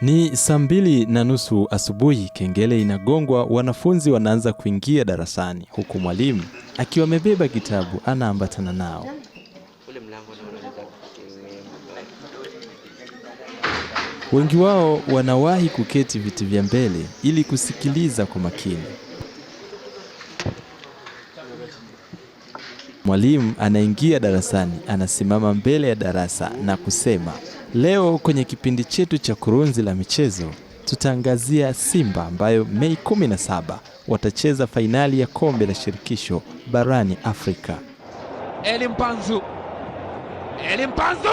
Ni saa mbili na nusu asubuhi, kengele inagongwa, wanafunzi wanaanza kuingia darasani, huku mwalimu akiwa amebeba kitabu anaambatana nao. Wengi wao wanawahi kuketi viti vya mbele ili kusikiliza kwa makini. Mwalimu anaingia darasani, anasimama mbele ya darasa na kusema Leo kwenye kipindi chetu cha Kurunzi la Michezo tutaangazia Simba ambayo Mei 17 watacheza fainali ya kombe la shirikisho barani Afrika. Elimpanzu, Elimpanzu!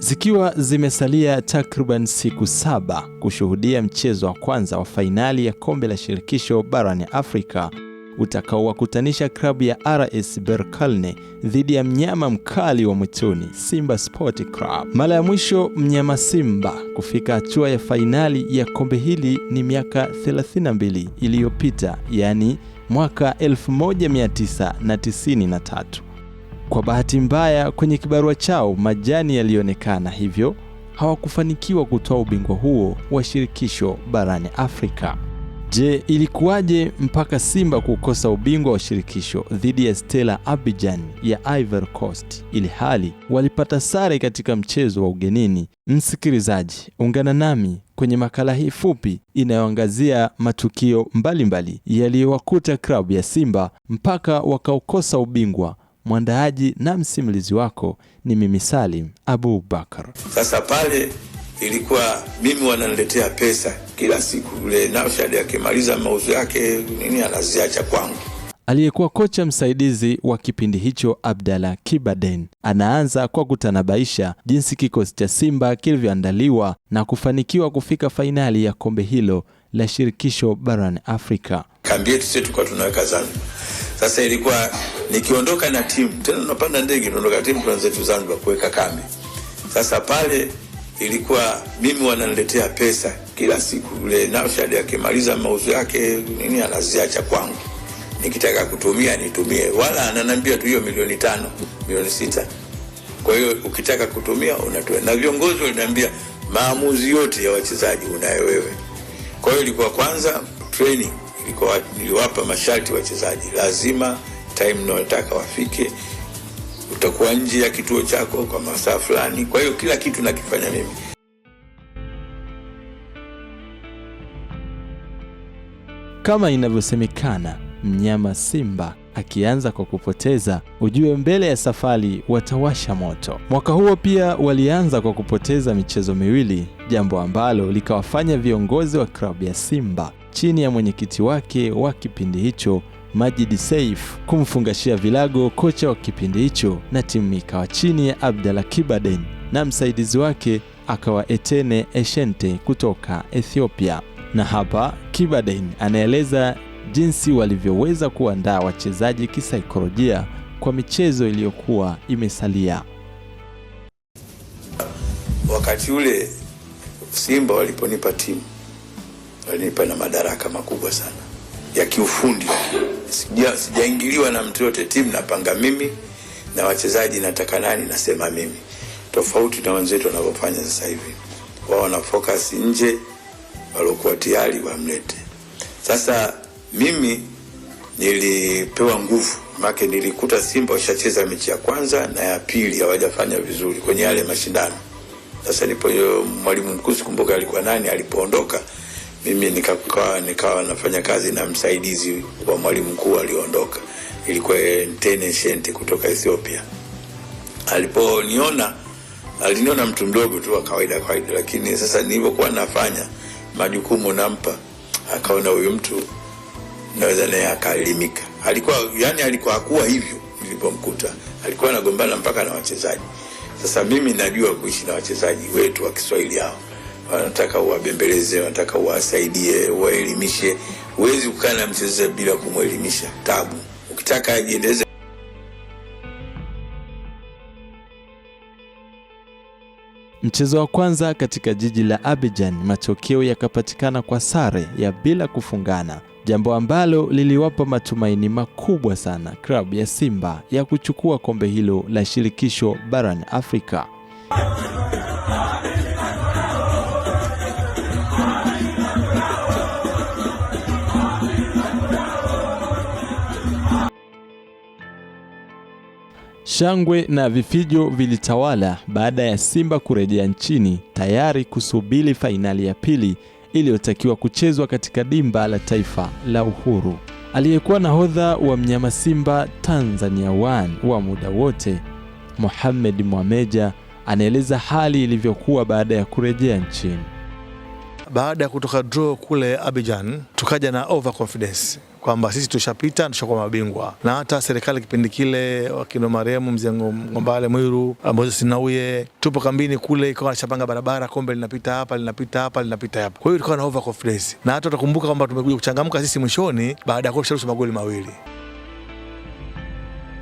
Zikiwa zimesalia takriban siku saba kushuhudia mchezo wa kwanza wa fainali ya kombe la shirikisho barani Afrika utakaowakutanisha klabu ya RS Berkane dhidi ya mnyama mkali wa mwituni Simba Sport Club. Mara ya mwisho mnyama Simba kufika hatua ya fainali ya kombe hili ni miaka 32 iliyopita, yaani mwaka 1993. Kwa bahati mbaya, kwenye kibarua chao majani yalionekana, hivyo hawakufanikiwa kutoa ubingwa huo wa shirikisho barani Afrika. Je, ilikuwaje mpaka Simba kukosa ubingwa wa shirikisho dhidi ya Stella Abidjan ya Ivory Coast ili hali walipata sare katika mchezo wa ugenini? Msikilizaji, ungana nami kwenye makala hii fupi inayoangazia matukio mbalimbali yaliyowakuta klabu ya Simba mpaka wakaukosa ubingwa mwandaaji na msimulizi wako ni mimi Salim Abu Bakar. Sasa pale ilikuwa mimi wananiletea pesa kila siku, yule Nashad akimaliza mauzo yake nini anaziacha kwangu. Aliyekuwa kocha msaidizi wa kipindi hicho Abdalla Kibaden anaanza kwa kutanabaisha jinsi kikosi cha Simba kilivyoandaliwa na kufanikiwa kufika fainali ya kombe hilo la shirikisho barani Afrika. Kambi yetu sisi tulikuwa tunaweka Zanzibar, sasa ilikuwa nikiondoka na timu tena, tunapanda ndege, naondoka timu tunazetu Zanzibar kuweka kambi. Sasa pale ilikuwa mimi wananiletea pesa kila siku, yule Nashad akimaliza mauzo yake nini anaziacha kwangu, nikitaka kutumia nitumie, wala ananiambia tu hiyo milioni tano milioni sita kwa hiyo ukitaka kutumia unatoa, na viongozi waliniambia maamuzi yote ya wachezaji unayo wewe. Kwa hiyo ilikuwa kwanza training, ilikuwa niliwapa masharti wachezaji, lazima time naotaka wafike, utakuwa nje ya kituo chako kwa masaa fulani. Kwa hiyo kila kitu nakifanya mimi. Kama inavyosemekana, mnyama simba akianza kwa kupoteza, ujue mbele ya safari watawasha moto. Mwaka huo pia walianza kwa kupoteza michezo miwili, jambo ambalo likawafanya viongozi wa klabu ya Simba chini ya mwenyekiti wake wa kipindi hicho Majid saif kumfungashia vilago kocha wa kipindi hicho, na timu ikawa chini ya Abdallah Kibaden na msaidizi wake akawa Etene Eshente kutoka Ethiopia. Na hapa Kibaden anaeleza jinsi walivyoweza kuandaa wachezaji kisaikolojia kwa michezo iliyokuwa imesalia. Wakati ule Simba waliponipa timu walinipa na madaraka makubwa sana ya kiufundi. Sija, sijaingiliwa na mtu yote. Timu napanga mimi na wachezaji, nataka nani nasema mimi, tofauti na wenzetu wanavyofanya sasa hivi. Wao wana focus nje, waliokuwa tayari wamlete sasa mimi nilipewa nguvu make, nilikuta Simba washacheza mechi ya kwanza na ya pili, hawajafanya vizuri kwenye yale mashindano. Sasa nipo mwalimu mkuu sikumbuka alikuwa nani, alipoondoka mimi nikakaa nikawa nafanya kazi na msaidizi wa mwalimu mkuu aliondoka, ilikuwa Ntene Shente kutoka Ethiopia. Aliponiona aliniona mtu mdogo tu wa kawaida kawaida, lakini sasa nilivyokuwa nafanya majukumu nampa, akaona huyu mtu naweza naye akaelimika. Alikuwa yani, alikuwa hakuwa hivyo nilipomkuta, alikuwa anagombana mpaka na wachezaji. Sasa mimi najua kuishi na wachezaji wetu wa Kiswahili hao, wanataka uwabembeleze, wanataka uwasaidie, uwaelimishe. Huwezi kukaa na mchezaji bila kumwelimisha, tabu. Ukitaka ajiendeleze Mchezo wa kwanza katika jiji la Abidjan, matokeo yakapatikana kwa sare ya bila kufungana jambo ambalo liliwapa matumaini makubwa sana klabu ya Simba ya kuchukua kombe hilo la shirikisho barani Afrika. Shangwe na vifijo vilitawala baada ya Simba kurejea nchini tayari kusubiri fainali ya pili iliyotakiwa kuchezwa katika dimba la taifa la Uhuru. Aliyekuwa nahodha wa mnyama Simba Tanzania One wa muda wote, Mohamed Mwameja anaeleza hali ilivyokuwa baada ya kurejea nchini. Baada ya kutoka draw kule Abidjan, tukaja na overconfidence kwamba sisi tushapita, tushakuwa mabingwa, na hata serikali kipindi kile wakina marehemu mzee Ngombale Mwiru, ambazo sinauye tupo kambini kule, ikawa anashapanga barabara, kombe linapita hapa linapita hapa linapita hapa. Kwa hiyo ilikuwa na over confidence, na hata utakumbuka kwamba tumekuja kuchangamka sisi mwishoni baada ya kusharusha magoli mawili.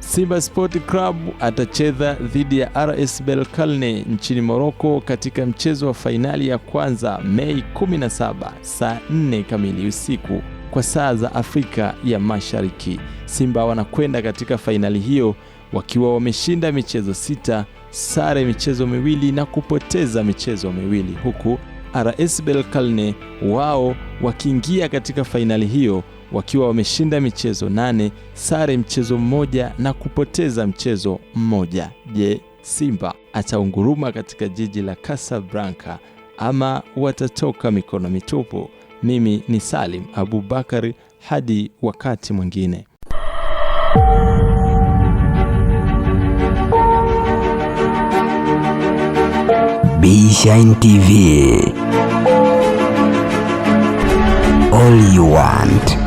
Simba Sport Club atacheza dhidi ya RS Belkalne nchini Moroko katika mchezo wa fainali ya kwanza Mei 17 saa 4 kamili usiku kwa saa za Afrika ya Mashariki. Simba wanakwenda katika fainali hiyo wakiwa wameshinda michezo sita, sare michezo miwili na kupoteza michezo miwili, huku RS belkalne wao wakiingia katika fainali hiyo wakiwa wameshinda michezo nane, sare mchezo mmoja na kupoteza mchezo mmoja. Je, Simba ataunguruma katika jiji la Casablanca ama watatoka mikono mitupu? Mimi ni Salim Abubakari, hadi wakati mwingine. Bishine TV. All you want.